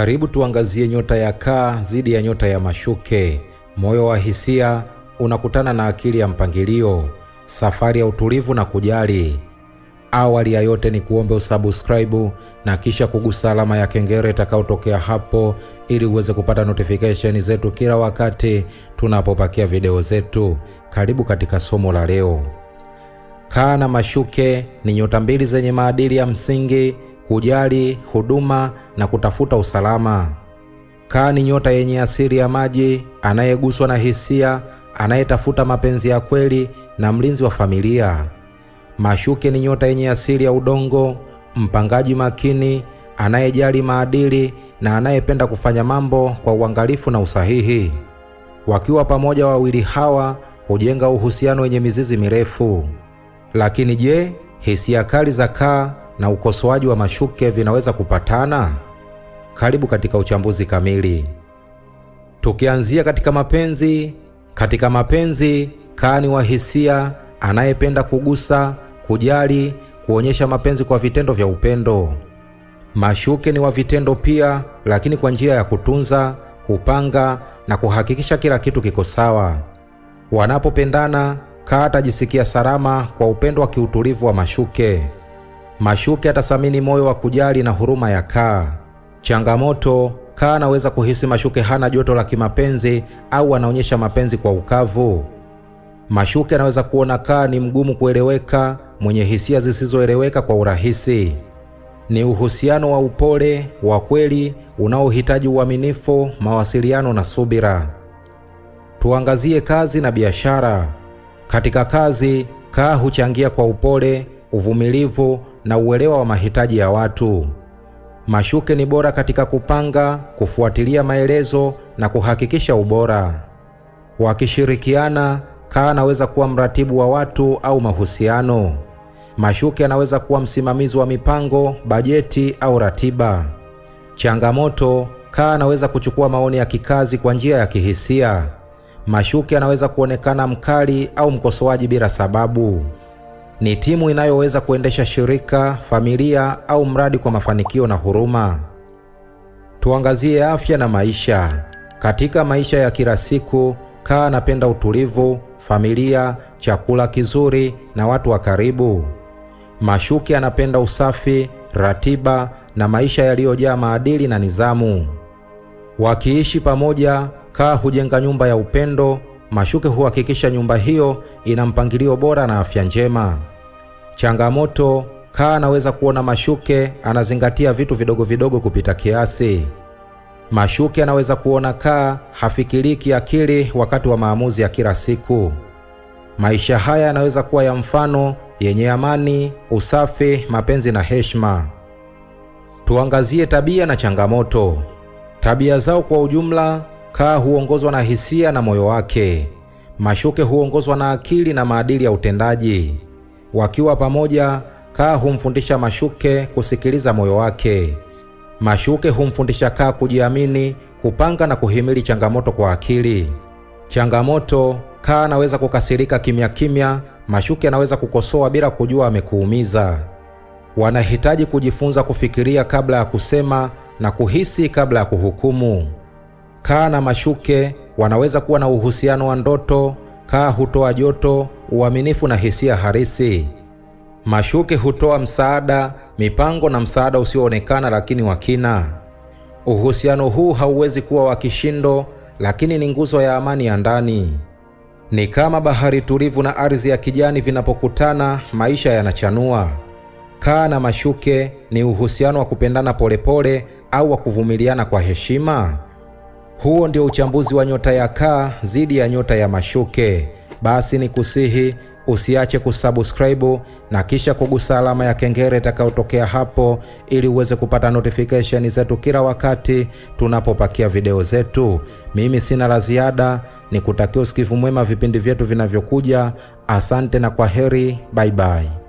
Karibu tuangazie nyota ya Kaa dhidi ya nyota ya Mashuke. Moyo wa hisia unakutana na akili ya mpangilio, safari ya utulivu na kujali. Awali ya yote ni kuombe usubscribe na kisha kugusa alama ya kengele itakayotokea hapo ili uweze kupata notification zetu kila wakati tunapopakia video zetu. Karibu katika somo la leo. Kaa na Mashuke ni nyota mbili zenye maadili ya msingi: kujali, huduma na kutafuta usalama. Kaa ni nyota yenye asili ya maji, anayeguswa na hisia, anayetafuta mapenzi ya kweli na mlinzi wa familia. Mashuke ni nyota yenye asili ya udongo, mpangaji makini, anayejali maadili na anayependa kufanya mambo kwa uangalifu na usahihi. Wakiwa pamoja, wawili hawa hujenga uhusiano wenye mizizi mirefu. Lakini je, hisia kali za kaa na ukosoaji wa mashuke vinaweza kupatana? Karibu katika uchambuzi kamili, tukianzia katika mapenzi. Katika mapenzi, Kaa ni wa hisia, anayependa kugusa, kujali, kuonyesha mapenzi kwa vitendo vya upendo. Mashuke ni wa vitendo pia, lakini kwa njia ya kutunza, kupanga na kuhakikisha kila kitu kiko sawa. Wanapopendana, Kaa atajisikia salama kwa upendo wa kiutulivu wa Mashuke. Mashuke atasamini moyo wa kujali na huruma ya Kaa. Changamoto: Kaa anaweza kuhisi Mashuke hana joto la kimapenzi au anaonyesha mapenzi kwa ukavu. Mashuke anaweza kuona Kaa ni mgumu kueleweka, mwenye hisia zisizoeleweka kwa urahisi. Ni uhusiano wa upole wa kweli unaohitaji uaminifu, mawasiliano na subira. Tuangazie kazi na biashara. Katika kazi, Kaa huchangia kwa upole, uvumilivu na uelewa wa mahitaji ya watu. Mashuke ni bora katika kupanga, kufuatilia maelezo na kuhakikisha ubora. Wakishirikiana, Kaa anaweza kuwa mratibu wa watu au mahusiano. Mashuke anaweza kuwa msimamizi wa mipango, bajeti au ratiba. Changamoto, Kaa anaweza kuchukua maoni ya kikazi kwa njia ya kihisia. Mashuke anaweza kuonekana mkali au mkosoaji bila sababu. Ni timu inayoweza kuendesha shirika, familia au mradi kwa mafanikio na huruma. Tuangazie afya na maisha. Katika maisha ya kila siku, Kaa anapenda utulivu, familia, chakula kizuri na watu wa karibu. Mashuki anapenda usafi, ratiba na maisha yaliyojaa maadili na nidhamu. Wakiishi pamoja, Kaa hujenga nyumba ya upendo, mashuke huhakikisha nyumba hiyo ina mpangilio bora na afya njema. Changamoto: kaa anaweza kuona mashuke, anazingatia vitu vidogo vidogo kupita kiasi. Mashuke anaweza kuona kaa, hafikirii kiakili wakati wa maamuzi ya kila siku. Maisha haya yanaweza kuwa ya mfano, yenye amani, usafi, mapenzi na heshima. Tuangazie tabia na changamoto. Tabia zao kwa ujumla: kaa huongozwa na hisia na moyo wake, mashuke huongozwa na akili na maadili ya utendaji. Wakiwa pamoja, Kaa humfundisha Mashuke kusikiliza moyo wake. Mashuke humfundisha Kaa kujiamini, kupanga na kuhimili changamoto kwa akili. Changamoto, Kaa anaweza kukasirika kimya kimya, Mashuke anaweza kukosoa bila kujua amekuumiza. Wanahitaji kujifunza kufikiria kabla ya kusema na kuhisi kabla ya kuhukumu. Kaa na Mashuke wanaweza kuwa na uhusiano wa ndoto Kaa hutoa joto, uaminifu na hisia harisi. Mashuke hutoa msaada, mipango na msaada usioonekana lakini wa kina. Uhusiano huu hauwezi kuwa wa kishindo, lakini ni nguzo ya amani ya ndani. Ni kama bahari tulivu na ardhi ya kijani vinapokutana, maisha yanachanua. Kaa na mashuke ni uhusiano wa kupendana polepole au wa kuvumiliana kwa heshima? Huo ndio uchambuzi wa nyota ya Kaa dhidi ya nyota ya Mashuke. Basi ni kusihi usiache kusubscribe na kisha kugusa alama ya kengele itakayotokea hapo, ili uweze kupata notification zetu kila wakati tunapopakia video zetu. Mimi sina la ziada, ni kutakia usikivu mwema vipindi vyetu vinavyokuja. Asante na kwa heri, bye bye.